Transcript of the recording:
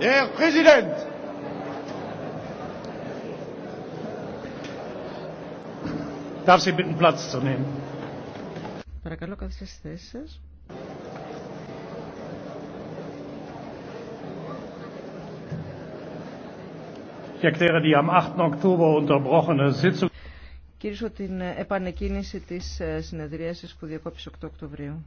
Herr Präsident! Darf Sie bitten, Platz zu nehmen. Παρακαλώ, καθίστε Ich erkläre die am 8. Oktober unterbrochene Sitzung. Κυρίσω την επανεκκίνηση της συνεδρίασης που διακόπησε 8 Οκτωβρίου.